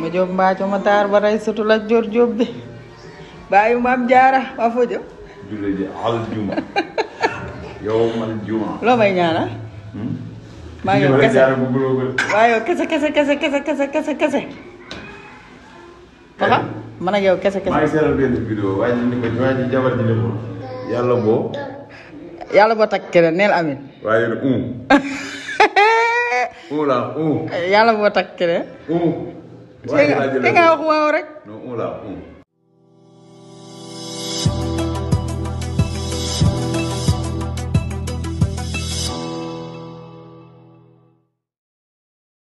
ma jóg mbaaco ma taar ba rey sutu la jor jóob bi bàyyi maam jaara waa foo jëm jullit ji aljuma yow mal juma loo may ñaanal hmm? maa yow kese waa yow kese kese kese kese kese kese kese papa man ak yow kese kese maa ngi seetal benn vidéo waa ji ni ko waa ji jabar ji ne ko yàlla boo yàlla boo takk keneen neel amin waaye un un la un yàlla boo takk keneen un um. da ngaa wax waaw rek. non on